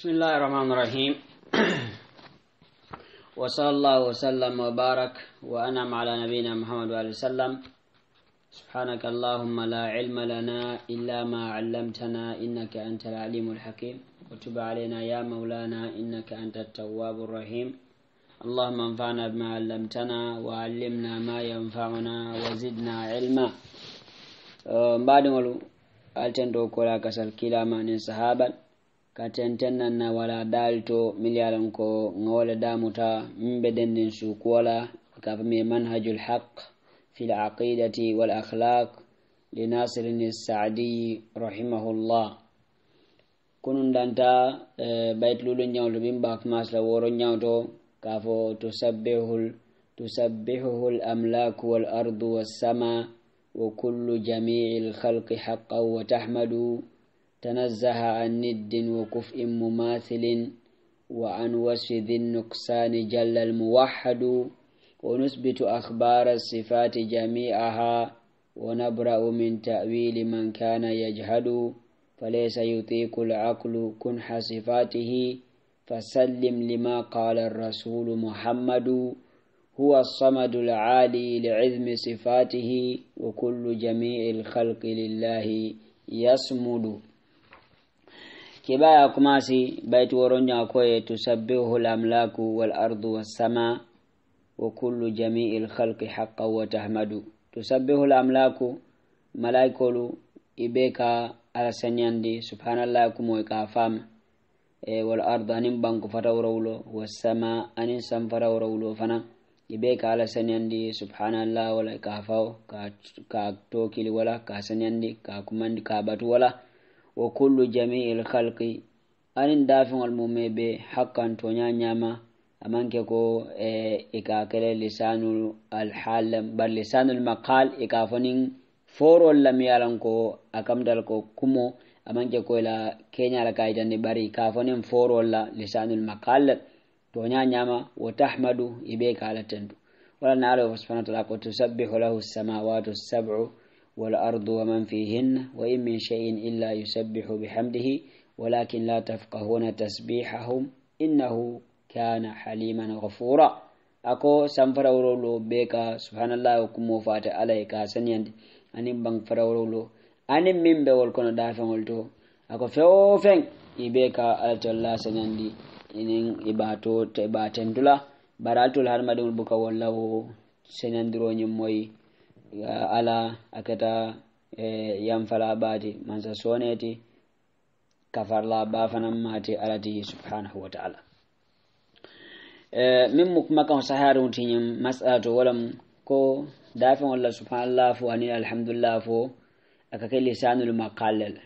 بسم الله الرحمن الرحيم وصلى الله وسلم وبارك وأنعم على نبينا محمد وعلى وسلم سبحانك اللهم لا علم لنا إلا ما علمتنا إنك أنت العليم الحكيم وتب علينا يا مولانا إنك أنت التواب الرحيم اللهم انفعنا بما علمتنا وعلمنا ما ينفعنا وزدنا علما بعد ما ألتن كلا كسل كلا من صحابه katentennan na wala dalto milyalan ko ngawala damuta mbe dendin su kuwala kafame manhajul haq fi al-aqidati wal akhlaq li nasirin sa'di rahimahullah kunun danta baitlulu nyawlo bin ba mas la woro nyawto kafo tusabbihul tusabbihul amlaku wal ardu was sama wa kullu jami'il khalqi haqqan wa tahmadu تنزه عن ند وكفء مماثل وعن وصف ذي النقصان جل الموحد ونثبت أخبار الصفات جميعها ونبرأ من تأويل من كان يجهد فليس يطيق العقل كنح صفاته فسلم لما قال الرسول محمد هو الصمد العالي لعظم صفاته وكل جميع الخلق لله يصمد kibaya kuma si baiti ya koye tu al hulamlaku wal ardu wa sama wa kullu jami'il khalqi haqqan wa tahmadu tu al hulamlaku malaikolu ibe ka alasanyandi subhanallah kuma ka fama e wal ardu anin banku fata wurawlo was sama anin sam fata wurawlo fana ibe ka alasanyandi subhanallah wala ka fawo ka ka tokili wala ka sanyandi ka kumandi ka batu wala wa kullu jami'il khalqi anin dafiŋol mu me be hakkantoña ñama amanke ko e eh, ika kele lisanul alhal bar lisanul maqal ika e fonin forol lam yalan ko akamdal ko kumo amanke ko ila kenyala kaytani bari ka fonin forol la lisanul maqal to nya nyama wa tahmadu ibe e kala tendu wala nalo subhanahu wa ta'ala ko tusabbihu lahu samawati sab'u والأرض ومن فيهن وإن من شيء إلا يسبح بحمده ولكن لا تفقهون تسبيحهم إنه كان حليما غفورا أكو سنفر أولولو بيكا سبحان الله وكمو فات عليك سنيند أني بان أولولو أني من بول كنا دافن ولتو أكو فوفن يبيكا ألتولا سنيندي سنيند إنين إباتو تباتن dula baral tul har والله سنيندرو نموي ala akata eh, yamfala yanfalabati mansa soneti ba fanan mate alati subhanahu wataala eh, min mu kuma kan saharin walam ko dafin wallah subhanallah fo ani alhamdulillah fo aka kai lisanul maqalal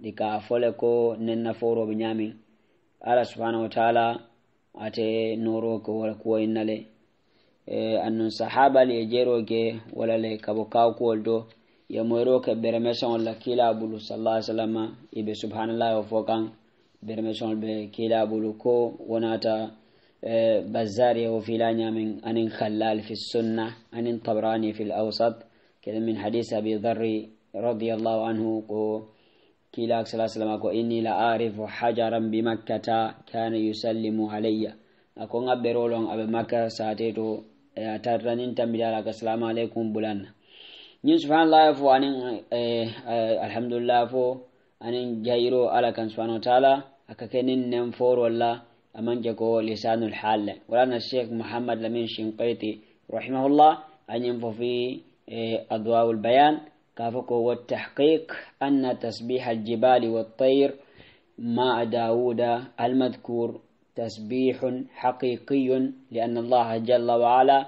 dika fole ko nenna foro ñamin ala subhanahu wataala ate noro ko wala innale annun sahabal ye jero ke wala le kabo kaw kuwol do ye moyro ke beremesoŋol la kiila bulu sallah sallama i be subhanallah yo fo kaŋ beremesoŋol be kiila bulu ko wonata bazar ye wo fiila ñameŋ aniŋ khallal fi sunna aniŋ tabrani fi lawsat kede min hadis abi dharri radiallahu anhu ko kiila sala sallama ko inni la arifu hajaran bimakkata kana yusallimu alayya ako ŋa berolon abe makka sate to ya tarranin tambidara ka assalamu alaikum bulanna ñin subhanallah fo anin eh, alhamdulillah fo anin jairo ala kan subhanahu wa taala aka kenin nen for walla aman jago lisanul hal wala na sheikh muhammad lamin shinqaiti rahimahullah anin fo fi adwaul bayan كافكو والتحقيق أن تسبيح الجبال والطير مع داود المذكور تسبيح حقيقي لأن الله جل وعلا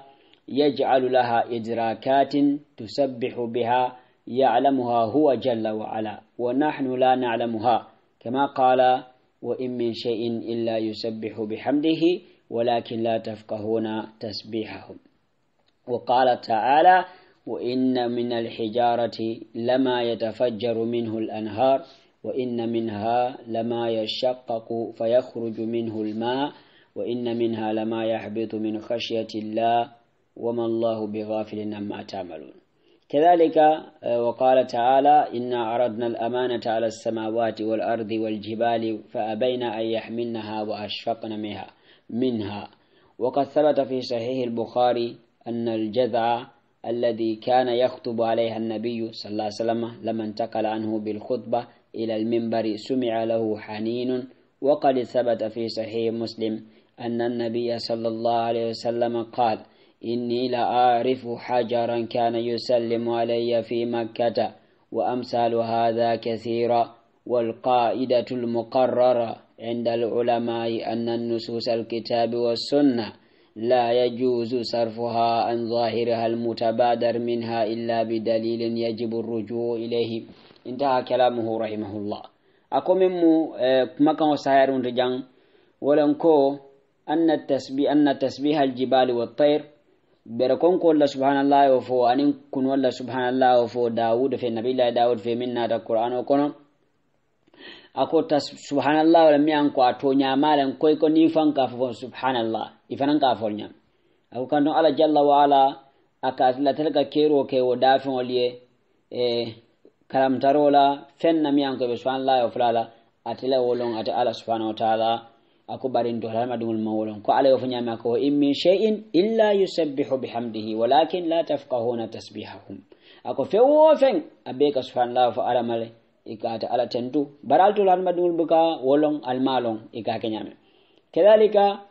يجعل لها إدراكات تسبح بها يعلمها هو جل وعلا ونحن لا نعلمها كما قال وإن من شيء إلا يسبح بحمده ولكن لا تفقهون تسبيحهم وقال تعالى وإن من الحجارة لما يتفجر منه الأنهار وإن منها لما يشقق فيخرج منه الماء وإن منها لما يحبط من خشية الله وما الله بغافل عما تعملون كذلك آه، وقال تعالى إنا عرضنا الأمانة على السماوات والأرض والجبال فأبينا أن يحملنها وأشفقن منها منها وقد ثبت في صحيح البخاري أن الجذع الذي كان يخطب عليها النبي صلى الله عليه وسلم لما انتقل عنه بالخطبة إلى المنبر سمع له حنين وقد ثبت في صحيح مسلم أن النبي صلى الله عليه وسلم قال إني لأعرف حجرا كان يسلم علي في مكة وأمثال هذا كثيرا والقائدة المقررة عند العلماء أن النصوص الكتاب والسنة لا يجوز صرفها عن ظاهرها المتبادر منها إلا بدليل يجب الرجوع إليه انتهى كلامه رحمه الله أكو ممو آه، مكان سائر رجع ولنكو أن التسبيح, أن تسبيح الجبال والطير bere konko walla subhanallah wa fo anin kun walla subhanallah wa fo dawud fe nabillahi dawud fe minna nata qur'an o kono ako ta subhanallah wala mi an ko a toñamalen koy ko ni fan ka fofon subhanallah ifan ka fol ñam ako kanton ala jalla wa ala aka la ka kero ke wo dafeŋol ye e kalamtarola fen na mi an koyɓe subhanallah wa fulala atele wolon ate ala subhanahu wa taala ako barin do halama dum mawolon ko ala yofu nyama ko in min shay'in illa yusabbihu bihamdihi walakin la tafqahuna tasbihahum ako fewo fen abeka subhanallah fa ala male ikata ala tentu baral to halama dum buka wolon almalon ika kenyame kedalika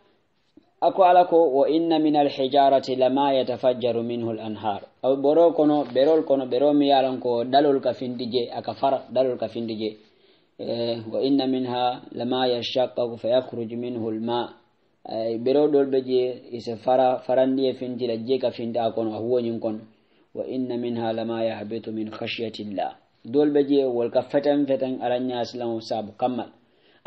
ako ala ko wa inna min alhijarati lama yatafajjaru minhu al-anhar aw boro kono berol kono bero mi yalan ko dalol ka findije aka far dalol ka findije وإن منها لما يشقق فيخرج منه الماء برو دول بجي يسفر فرندي فين تلجيك فين تاكون وهو ينكون وإن منها لما يهبط من خشية الله دول بجي والكفتن فتن على الناس لهم ساب كمل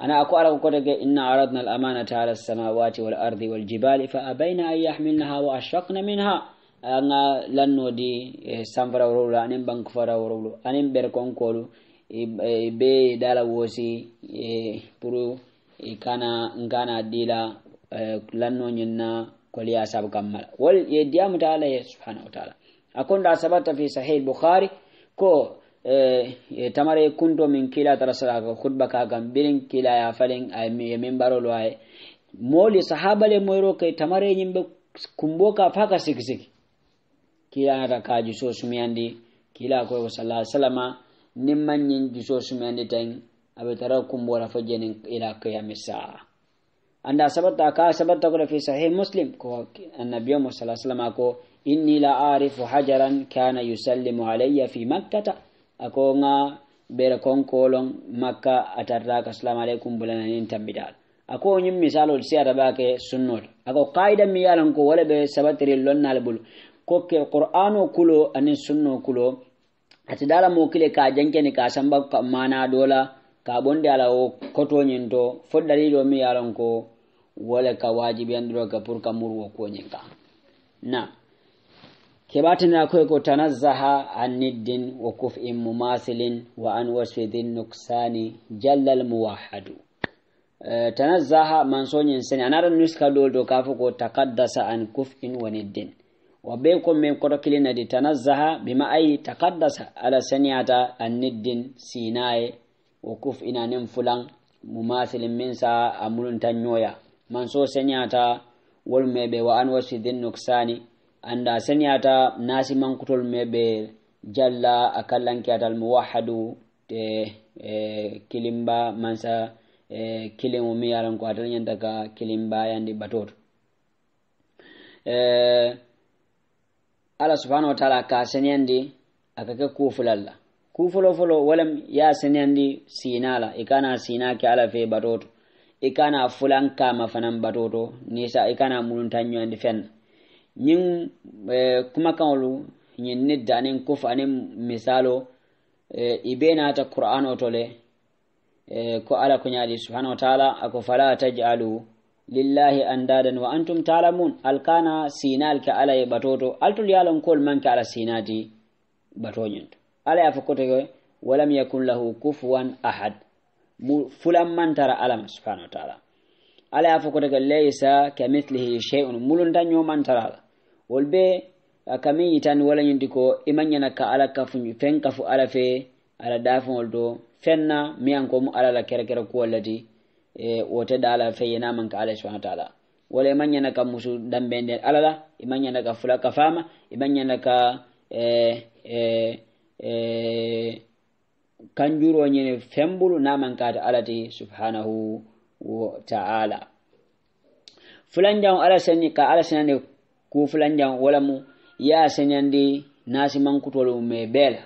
أنا أقول لكم كتك إن عرضنا الأمانة على السماوات والأرض والجبال فأبين أن يحملنها وأشفقن منها أنا لن نودي سنفر ورولو أنين بنك فرولو أنين بركون كولو Eh, be dala wosi eh, puru eh, kana nkana dila lanno ñinna koliya sabu kammala wal ye diyamu taala ye subhanahu wa taala akon da sabata fi sahih bukhari ko tamare kunto min kila tara sala ka khutba ka gam birin kila ya falin ay min barolo ay moli sahaba le moyro kay tamare nyimbe kumbo ka faka sikisiki kila ta kaji so sumiyandi kila ko sallallahu alaihi wasallama nimman nyin juso sumyandi tan abe tara kumbora fo jenin ila qiyami saa anda sabata ka sabata ko fi sahih muslim ko annabiyo mo sallallahu alaihi wasallam ko inni la arifu hajaran kana yusallimu alayya fi makkata ako nga bere konkolon makka atarra ka assalamu alaikum bulana nin tambidal ako nyim misalo si araba ke sunnol ako qaida mi yalan ko wala be sabatri lonnal bul ko ke qur'ano kulo anin sunno kulo atidala kile ka janke ni ka samba mana dola ka bonde ala wo kotoñin to fo dalilo mi yaron ko wala ka wajibi wajibiyandiro ka pur ka murwo koñin ka na keɓatinira na ko tanazzaha an niddin wa kuf'in mumasilin wa an wasfidhi nuksani jallal muwahhadu eh, tanazzaha man so soñin sani anaɗa nuska do ka fo ko takaddasa an kuf'in wa niddin wa be ko men koto di tanazzaha bima ay taqaddasa ala saniyata an-niddin sinaye wa kuf nim fulan mumasilin min sa amuluntan tanyoya man so saniyata wol mebe wa an wasidin nuksani anda saniyata nasi man mankutol mebe jalla a kallankiyatal muwahhadu te kilimba mansa kilimu miyaran ko atal ñanta ka yandi batoto ala subhanahu wa ta'ala ka saniyandi aka ke kufulalla kufulo fulo walam ya saniyandi sinala ikana sina ke ala fe batoto ikana fulan kama fanan batoto nisa ikana mulunta ñoyandi fenna ñin e, kumakaŋolu ñin ni danin kuf anin misalo e, i be naata qur'an o to le e, ko ala ko ñaadi subhanahu wa taala ako fala tajalu lillahi andadan wa antum talamun alkana sinal ka ala ye batoto altul yalon kol manke ala sinati batoñinto ala ya fokkoto ko walam yakun lahu kufuwan ahad mu fulan mantara alama subhanahu wa taala ala ya fokkoto ko laysa kamithlihi shay'un mulunta ñomantara ala wol be kamin yitan wala ñindi ko imañana ka ala kafu fen kafu ala fe ala to fenna miyan ko mu ala la kerekere kuwol lati da eh, ala fe yana man ka ala subhanahu wa ta'ala wala iman yana ka musu dambende alala iman yana ka fula ka fama iman yana ka eh, eh, kanjuro ñene fembulu naman kata alati subhanahu wa ta'ala fulanjan ala sani ka ala sanande ku fulanjan wala mu ya sanandi nasimankutolu me bela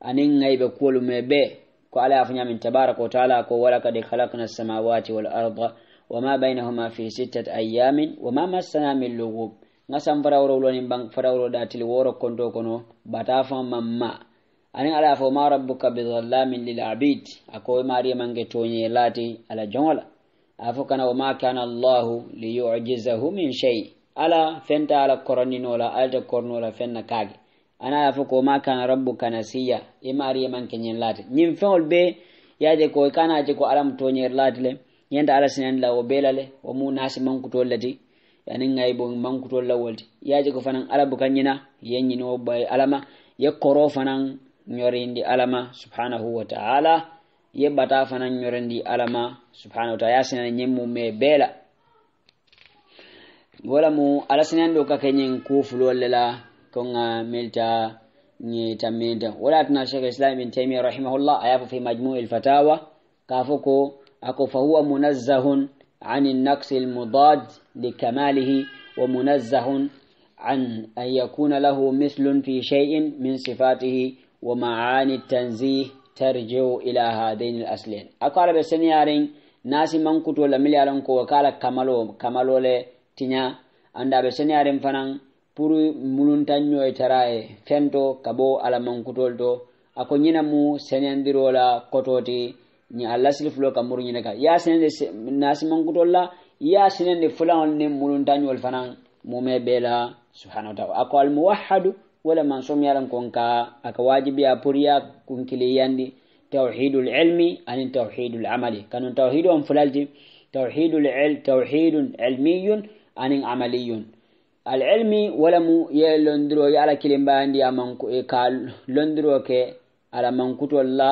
anin ŋaybe kuwolu me bee ko ala afanya min tabaraka wa taala ko wala kad khalaqna as-samawati wal arda wama bainahuma fi sittati ayamin wama massana min lughub ngasam farawro lonin bang farawro datil woro kondo kono batafa mamma ani ala fo ma rabbuka bi dhallamin lil abid ako mariya mange tonye lati ala jongola afo kana wama kana allah li yu'jizahu min shay ala fenta ala koroninola alta kornola fenna kage ana ya foko ma kan rabbu kana siya e mari e man kenyen lati nyim fewol be yaje ko kana je ko alam to nyer lati le nyenda ala sinan la o belale o mu nasi man kuto lati yani ngay bo man kuto la wolti yaje ko fanan arabu kanyina yenyi no bay alama ye koro fanan nyorindi alama subhanahu wa ta'ala ye bata fanan nyorindi alama subhanahu wa ta'ala yasina nyemmu me bela wala mu ala sinan do ka kenyen kufulo lela كون ملتا نيتمينتا ولا تنا شيخ الإسلام ابن تيمية رحمه الله أيافو في مجموع الفتاوى كافوكو أكو فهو منزه عن النقص المضاد لكماله ومنزه عن أن يكون له مثل في شيء من صفاته ومعاني التنزيه ترجع إلى هذين الأصلين أقال بسنيارين ناس من كتو لمليارن كو وكالة كمالو كمالو لتنيا عند بسنيارين فنان pour mulunta ñoytara e fento ka bo alamankutol to ako ñina mu senendiro kototi ñi alla silifulo ka muru ñine ka ya senende nasimankutol la ya senende fulanol ni muluntañol fanan mume be la subhanahu wa taala ako almuwahadu wala man somyaran kon ka aka wajibiya pour ya kunkiliyandi tawhidul ilmi anin tawhidul amali kanun tawhidu on fulalti tawhidul il tawhidun ilmiyun anin amaliyun alilmi walamu ye londiro ye ala kilimbayandi amanku e ka londiro ke ala mankutol la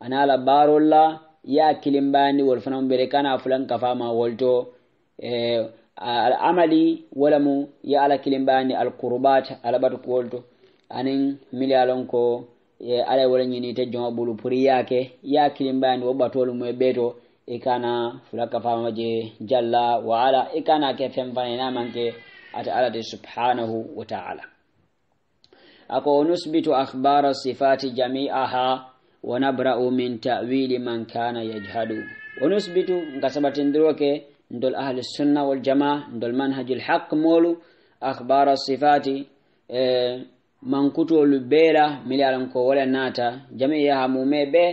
ana ala baarol la ye a kilimbayandi wol fanamu bere kana fulan kafama wolto eh, al'amali walamu ye ala kilimbayandi alkurbat ala batu wolto anin milyalon ko ye ala wala ñinite joma bulu pour yake ye a kilimbayandi wo batolu mu e ɓeeto i kana fula kafama je jalla wa ala i e kana ke fen fana ina e manke ataalade subhanahu wa taala ako nusbitu akhbara sifati jamiaha wa nabrau min tawili man kana yajhadu o nusbitu ngasabatindiroke ndol ahli sunna waljama ndol manhaji lhaq molu akhbara sifati eh, mankutolu beela mili alan ko wala naata jamiyaha mume ɓe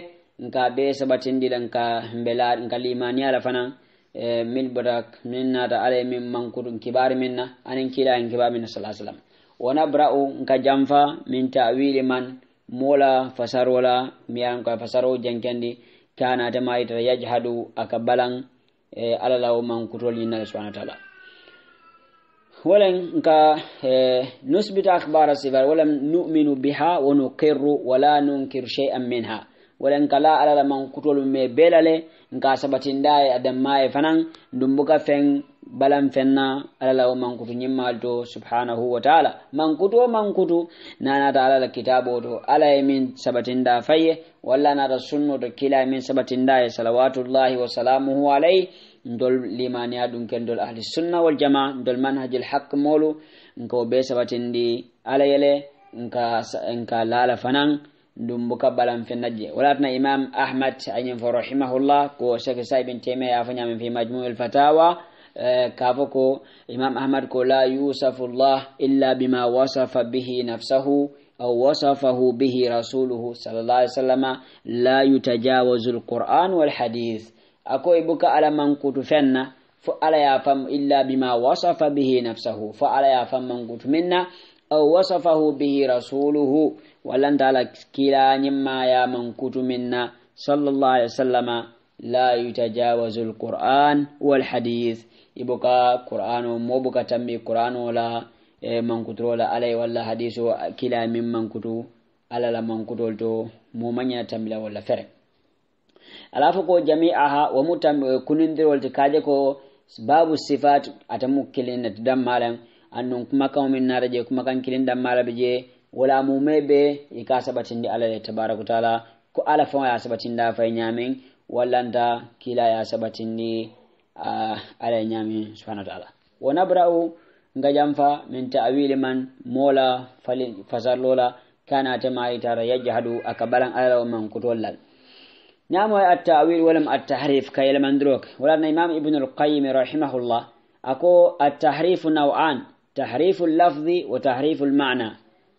nka ɓe saɓatindila nka mbela nka limaniyala fanan Eh, min badak min nata ale min mankur kibar minna anin kila an kibar minna sallallahu alaihi wasallam wana bra'u nka janfa min ta'wili man mola fasarola an ka fasaro jankandi kana ta mai da yajhadu aka balan eh, ala lawo mankutol yinna subhanahu wa ta'ala ولن نثبت أخبار الصفات ولم نؤمن بها ونقر ولا nunkir shay'an minha wala nkala ala la man kutolu me bela le nka sabatinda ye adamma ye fanan dumbuka fen balan fenna ala la man kutu nyimmal to subhanahu wa ta'ala man kutu man kutu nana ta ala la kitabo to ala ye min sabatinda faye wala na ta sunno to kila min sabatinda ye salawatullahi wa salamuhu alayhi ndol limaniya ɗum ken ndol ahli sunna wal jama ndol manhajil haq molu nka o be sabatindi ala yele nka nka laala fanan dumbuka balan fennaje walatna imam ahmad añin fo rahimahullah ko cheikh sa ibin temia afoñamin fi majmum el fatawa kafo ko imam ahmad ko la yusafu llah illa bima wasafa bihi nafsahu أو وصفه به رسوله صلى الله عليه وسلم لا يتجاوز القرآن والحديث أكو إبوك على من كنت فنا فألا يفهم إلا بما وصف به نفسه فألا يفهم من كنت منا أو وصفه به رسوله walantala kila nyimma ya mankutu minna sallallahu alaihi wasallama la yutajawazu alquran wal hadith ibuka qur'ano mobuka tammi qur'ano la e mankuturo wala alai wala hadiso kila min mankutu ala la mankutol to mo manya tambila wala fere alafa ko jami'aha wa mutam e, kunindirol to kaje ko babu sifat atamu kilin na dan malam annun kuma kan min na raje kuma kan kilin dan malam je wala mume be i ka sabatindi alla le tabaraka taala ko ala faŋo ye a sabatinda fay ñaamiŋ wallanta kila ye a sabatindi alla ye ñaamiŋ subhana taala wo nabra'u nga janfa min ta'wili man mola fali fasarlola kana tema itara yajhadu akabalan ala man kutollal نعم التأويل ولم التحريف كيلمن دروك ولأن الإمام ابن القيم رحمه الله أكو التحريف نوعان تحريف اللفظ وتحريف المعنى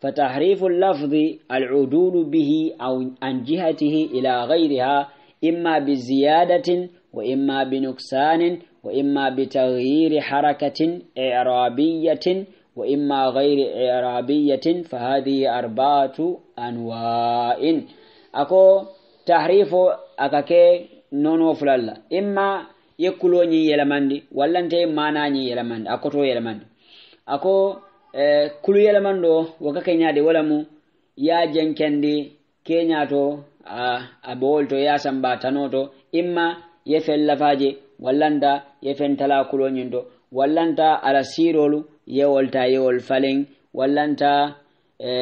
فتحريف اللفظ العدول به أو عن جهته إلى غيرها إما بزيادة وإما بنقصان وإما بتغيير حركة إعرابية وإما غير إعرابية فهذه أربعة أنواع أكو تحريف أكاكي نونو فلالا إما يكلوني ني يلمندي ولا أنت ما ناني يلمندي أكو تو يلمندي أكو E, kulu yeleman ɗo woka keñade wala mu ya jenkendi keñato a bowol to yasan ba tanoto imma yefen lafaje wallanta yefen tala kuloñin to wallanta ala sirolu yewolta yewol falen wallanta e,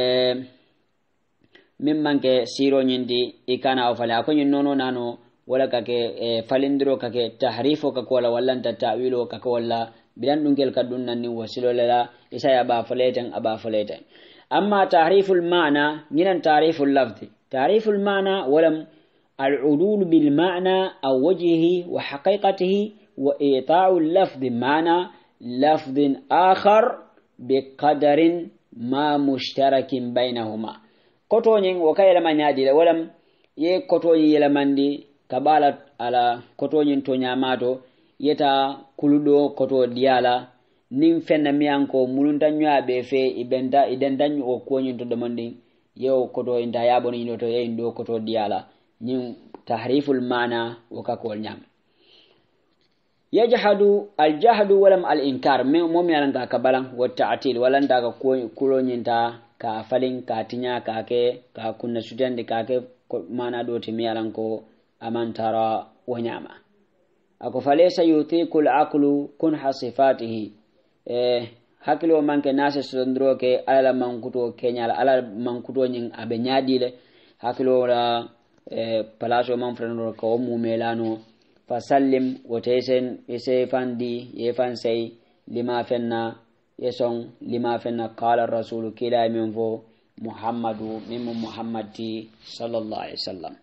min manke siroñindi i kana o fale ako ñin nono nano wala kake e, falindiro kake tahrifo kako walla wallanta tawilo kako walla bidan ɗunkel kaddun nannin wasilolela isaya aba foleten aba foleten amma tahriful mana ñinan tahriful lafdi tahriful mana walam العدول بالمعنى أو وجهه وحقيقته وإيطاع اللفظ معنى لفظ آخر بقدر ما مشترك بينهما كتونين وكاي لما نادي ولم يكتوني يلمندي كبالت على كتونين تونياماتو yeta kuludo koto diyala nin fenna miyan ko mulunta ñoya be fe ibenta identa o kuwoñin to ɗomondin yewo koto inta ya yino to e ndo koto diyala ñin tahriful mana wo kakol ñam yajhadu aljahdu walam al inkar mo mi alanta ka balan wo tatil walanta ka nyinta ka falin ka tinya ka ke ka kunna de ka ke mana do timi alan ko amantara wa nyama. ako falaysa yutiku laklu kunha sifatihi eh, hakkilo manke nase sodondiro ke alala mankuto keñal ala mankuto ñin aɓe ñaɗile hakkiloa eh, palaceo man frano ka wo mumelano fa sallim woteysen ise fandi ye fan sey lima fenna ye son lima fenna qala rasulu kiɗa min fo muhammadu min mo muhammad ti sallallah alih wa sallam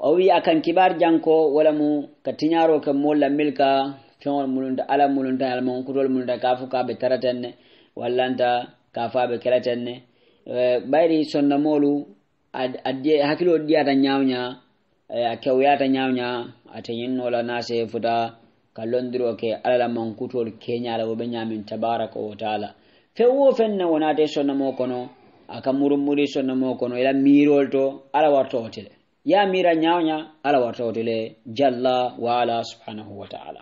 o wi a kan kibar janko wala mu ka tiñaaro ke molla milka feŋol mununta ala mununta alma kutol mununta ka fo ka be taraten ne wallanta ka fo eh, a be kelaten ne bayri sonnamolu hakkilo diyata ñawña a kewyata ñawña ate ñinnola nase fota ka londiro ke alala mankutol keñala wo ɓe ñamin tabaraka wa taala few wo fen ne wonate sonnamo kono aka murumuri sonnamo kono ila miirol to ala warto otele ya mira nyaonya ala wartawtele jalla wa ala subhanahu wa ta'ala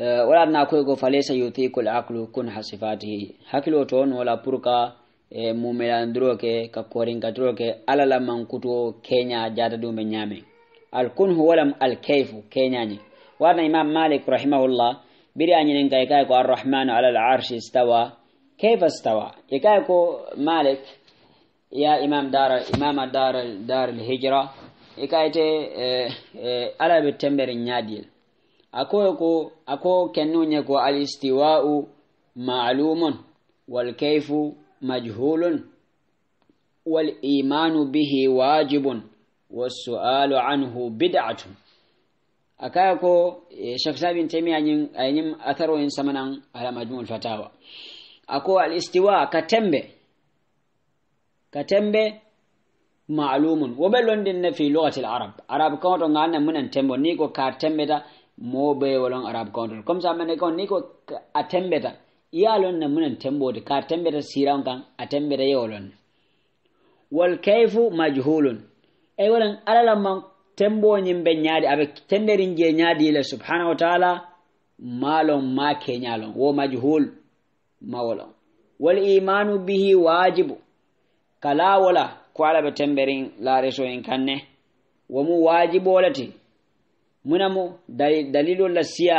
uh, wala na koy go falesa yuti kul aqlu kun hasifati hakilo ton wala purka e eh, mumelandro ke ka koringatro ke ala la mankuto kenya jata dume nyame al-kunhu wala al kenya ni wana imam malik rahimahullah biri anyen kai kai ko ar rahman ala al arsh istawa kayfa istawa ikay ko malik ya imam dara imama dara dar hijra ikaite eh, eh, yadil ako ko ako kennunye ko al istiwa'u ma'lumun wal kayfu majhulun wal imanu bihi wajibun was su'alu anhu bidatu akaya ko shekh sabin taimiya yin ayin atharo yin samanan al fatawa ako al istiwa ka tembe katembe malumun woɓe londinne fi lugati larab arab kawto ganne munen tembo ni ko ka tembeta moɓe wolon arab kawto comme ça mene kaw ni ko a tembeta iyalonne munen tembode ka tembeta siran kan a tembeta ye wolonne wal kayfu majhulun ey wolen alalaman temboñimɓe ñaadi aɓe tenderin je ñaadile subhanahu wa taala malon ma keñalon wo majhul mawolon wal imanu bihi wajibu kalawola ko ala ɓe temberin laareso en kanne womu waajibolete munamu dalilo la siya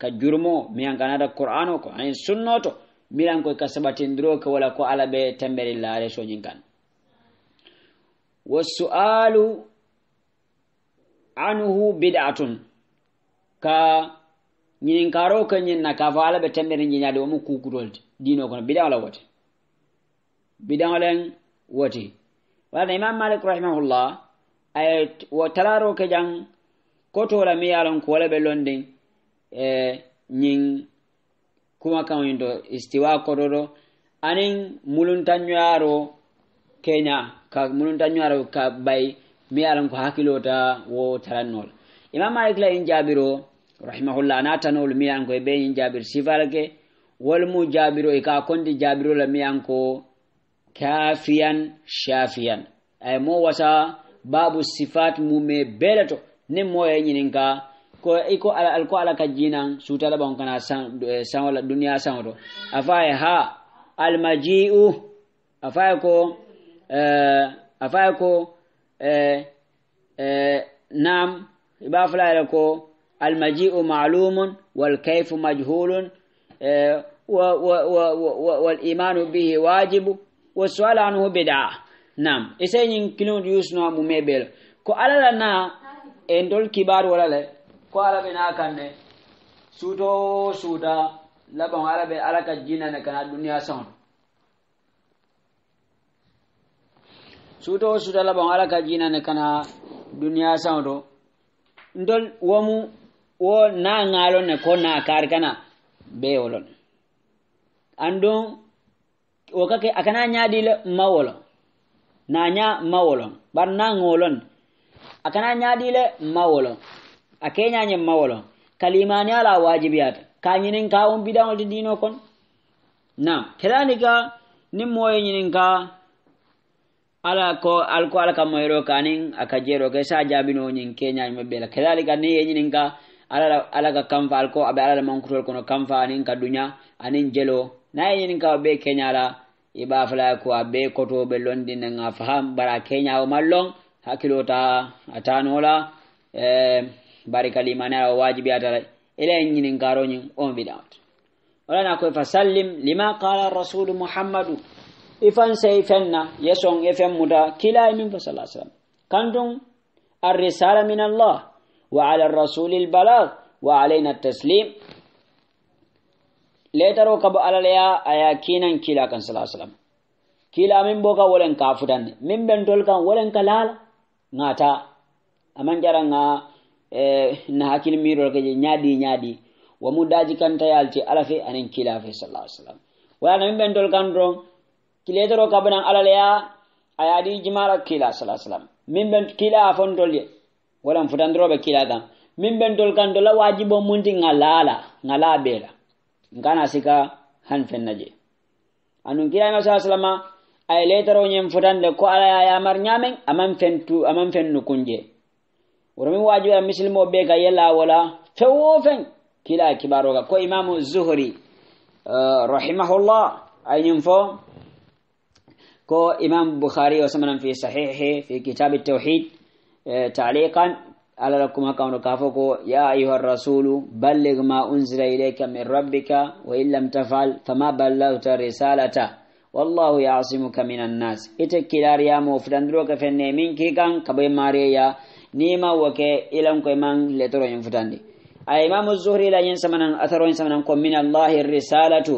ka jurmo miyan kanata qur'an o ko ayin sunnoto miran koy ka saɓatindiro ko wala ko ala ɓe temberi laaresoñin kan wasu'alu anuhu bid'atun ka ñininkaro ko ñinna ka fa ala ɓe temberi jiñade womu kukutolde dino kono bidan ola wote bidan olen woti wala imam malik rahimahullah ay wo talaro ke jang ko tola mi yalon ko wala be londin e nyin kuma kan yindo istiwa ko dodo anin mulun tanyaro kenya ka mulun tanyaro ka bay mi yalon ko hakilo ta wo talanol imam malik la injabiro rahimahullah na tanol mi yan ko be injabir sifalke wal mu jabiro e ka kondi jabiro la mi yan ko كافيا شافيا أي مو وسا باب الصفات ممبلة نمو ينينكا ko iko ala ko ala kajinan suta la bankana san san wala dunya san to afaye ha al maji'u afaye ko eh afaye ko eh eh nam iba fala ko al maji'u ma'lumun wal kayfu majhulun wal imanu bihi wajibu wo suwala anu hu bida nam ise e yin kilun yusu no mu mebel ko alala na endol kibar wala le ko ala be na kan ne suto suda laban ala be ala ka jina ne kana duniya son suto suda laban ala ka jina ne kana duniya son do ndol womu wo na ngalo ne ko na kar kana be wolon andon wo kake a kana ñaaɗiile mawolo na ñaa mawolo bar na ŋoolon a kana ñaaɗiile mawolo a keñaañe mawolo kalimaniya la waajibiyaata ka ñinin ka wun bidaŋol ti diino kon na kelaani ka niŋ moo ye ñinin ka ala ko al ko ala ka mayiro ka aniŋ a ka jeero ke sa jaabino ñiŋ keñaañuma bee la kelaali ka niŋ ye ñinin ka ala ala ka kanfa al ko a be ala la mankutol kono kanfa aniŋ ka duña aniŋ jeloo na yin ka be kenyala iba fala ko abe koto be londi na nga faham bara kenya o mallong hakilo ta atanola e bari kalimana wajibi atara ila yin ka ronyin on bidat wala na ko fasallim lima qala rasul muhammadu ifan sai fenna yason efen muda kila min fa sallallahu alaihi wasallam kandung الرسالة من الله وعلى الرسول البلاغ وعلينا التسليم letaro kabo alalaya ya kinan kila kan salasalam kila min boka wolen ka futan min ben tol kan wolen ka lal ngata aman jara nga eh, na hakil miro ke nyadi nyadi wa mu daji kan tayalti alafi anin kila fi sallallahu alaihi wasallam wala min ben tol kan dron kiletaro kabo nan alalaya ya di jimara kila sallallahu alaihi wasallam min ben kila afon tol ye wolen futan drobe kila kan min ben tol kan dola wajibo munti ngalala ngala bela nkana sika han fenna je anun kirama sa sallama ay letaro nyen le ko ala ya yamar nyamen aman fentu aman fennu kunje wormi wajibi a misilimo be ka yella wala fewo fen kila kibaroga ko imamu zuhri rahimahullah ay aynin fo ko imam bukhari wa samana fi sahihi fi kitabe tawhid تعليقا على لكم كون كافوكو يا أيها الرسول بلغ ما أنزل إليك من ربك وإن لم تفعل فما بلغت رسالته والله يعصمك من الناس إتكلار يا موفدندروك فني منك كان كبير ماريا نيما وكي إلم كمان لترو أي إمام الزهري لا ينسى من أثر ينسى من من الله الرسالة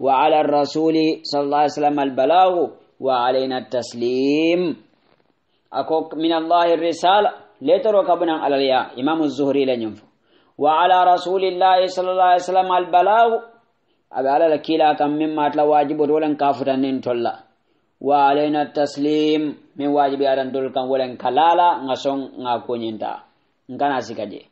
وعلى الرسول صلى الله عليه وسلم البلاغ وعلينا التسليم أكوك من الله الرسالة letoro kabunan alalya imamu zuhri le nyamfo wa ala rasulillahi sallallahu alaihi wasallam al balagu abe ala la kila kam mimma tla wajibu dolan kafutan nin tolla wa alaina taslim min wajibi adan dol kan wolen kalala ngason nga konyinta ngana sikaje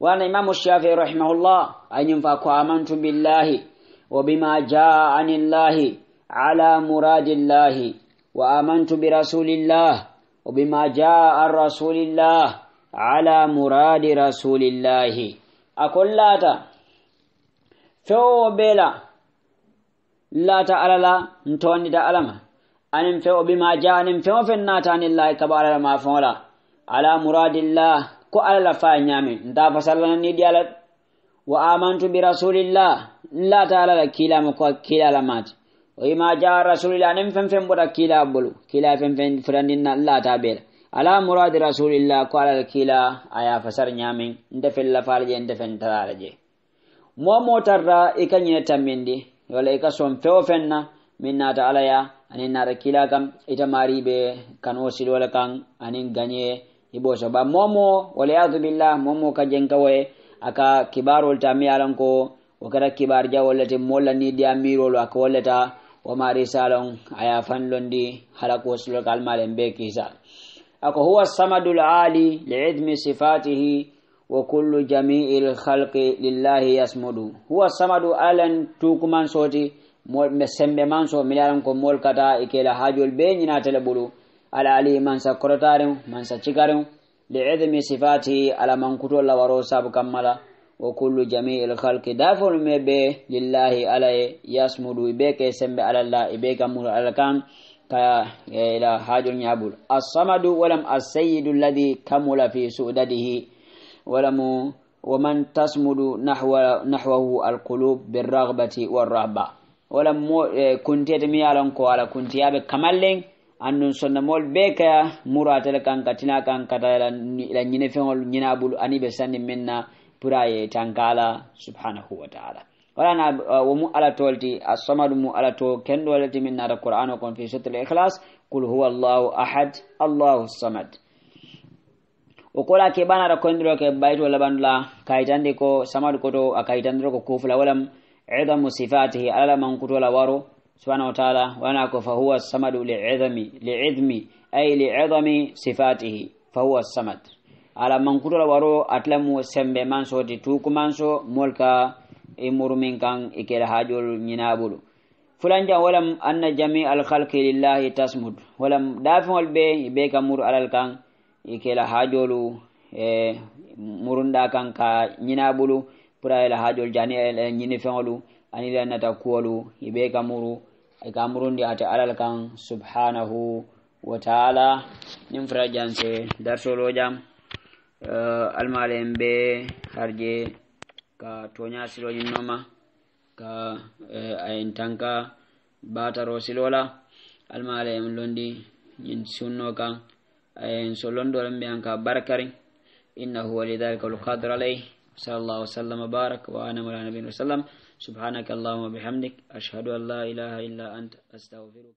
wana imamu shafi rahimahullah anyum fa ko amantu billahi wa bima jaa anillahi ala muradillahi wa amantu bi rasulillah وبما جاء عن رسول الله على مراد رسول الله أقول لا تا فو بلا لا تا على لا نتوني تا ألما أنم فو بما جاء أنم فو في الناتان الله كبار ما فولا على مراد الله كو على لفا نعمي نتا فسلنا نديالت وآمنت برسول الله لا تعالى كلا مكوى كلا لمات o yima jaa rasulillah anen fenfen bota kiila bolu kiila fenfen furaninna lata ɓeela ala mouradi rasulillah ko alal kiila a yafa sar ñamin ndefen lafaalje ndefen talaala je moo mo tarra i ka ñine tammin di walla i ka son fewo fen na min naata ala ya anin naata kiila kam itamari ɓe kano silole kan anin gagne i ɓooso ba moo mo wala yadu billah moo mo ka jenka woye a ka kibarol tammi alan ko o kata kibar ja wallete molla ni diya miirolu aka wallata وما رسالون أيا فنلندي حلق وسلوك المال بكيسا أكو هو الصمد العالي لعدم صفاته وكل جميع الخلق لله يصمد هو الصمد ألن توكمان صوتي sembe manso milaran ko mol kata ikela hajol be nyina tele bulu ala ali man sa korotarin man sa cikarin li idmi sifati ala man kutolla waro sabu kammala وكل جميع الخلق دافع به لله عليه يسمد بك سمب على الله بك مر على كان إلى حاج يابول الصمد ولم السيد الذي كمل في سؤدده ولم ومن تصمد نحو نحوه القلوب بالرغبة والرهبة ولم إيه، كنت يتمي على على كنت يابك كمالين أن سنمول بك مرات لك أنك تنا كان كتا إلى نينفعل أني بسن منا puraye tangala subhanahu wa ta'ala ولنا ومو على تولتي الصمد مو على تو كن ولتي من نار القرآن وكن في سورة الإخلاص قل هو الله أحد الله الصمد okola ke bana ra kondiro ke baito wala bandla kaitande ko samadu koto akaitandiro ko kufula walam idamu sifatihi ala man kutola waro subhanahu wa ta'ala wana ko fa huwa samadu li'idami li'idmi ay li'idami sifatihi fa huwa samad ala mankutola waro atlamu sembe manso ti tuku manso mol ka i muru min kan i kela hajol ñinabolu fulanjan walam anna jami alkhalki lillahi tasmud walam dafiŋol be i be ka muru alal kan i kela hajolu eh, murunda kan ka ñinabolu pura ila hajol jani ñini e, feŋolu ani la nata kuwolu i be ka muru i ka murundi ate alal kan subhanahu wa taala niŋ fura jan se darsolo jam almalen be harje ka toña siloñin noma ka ayin tanka bataro silola almalen londi ñin sunno kan ayin so londolan mbiyan ka barkari innahu walidalika alqadir alayh صلى الله وسلم وبارك وأنا على نبينا وسلم سبحانك اللهم وبحمدك أشهد أن لا إله إلا أنت أستغفرك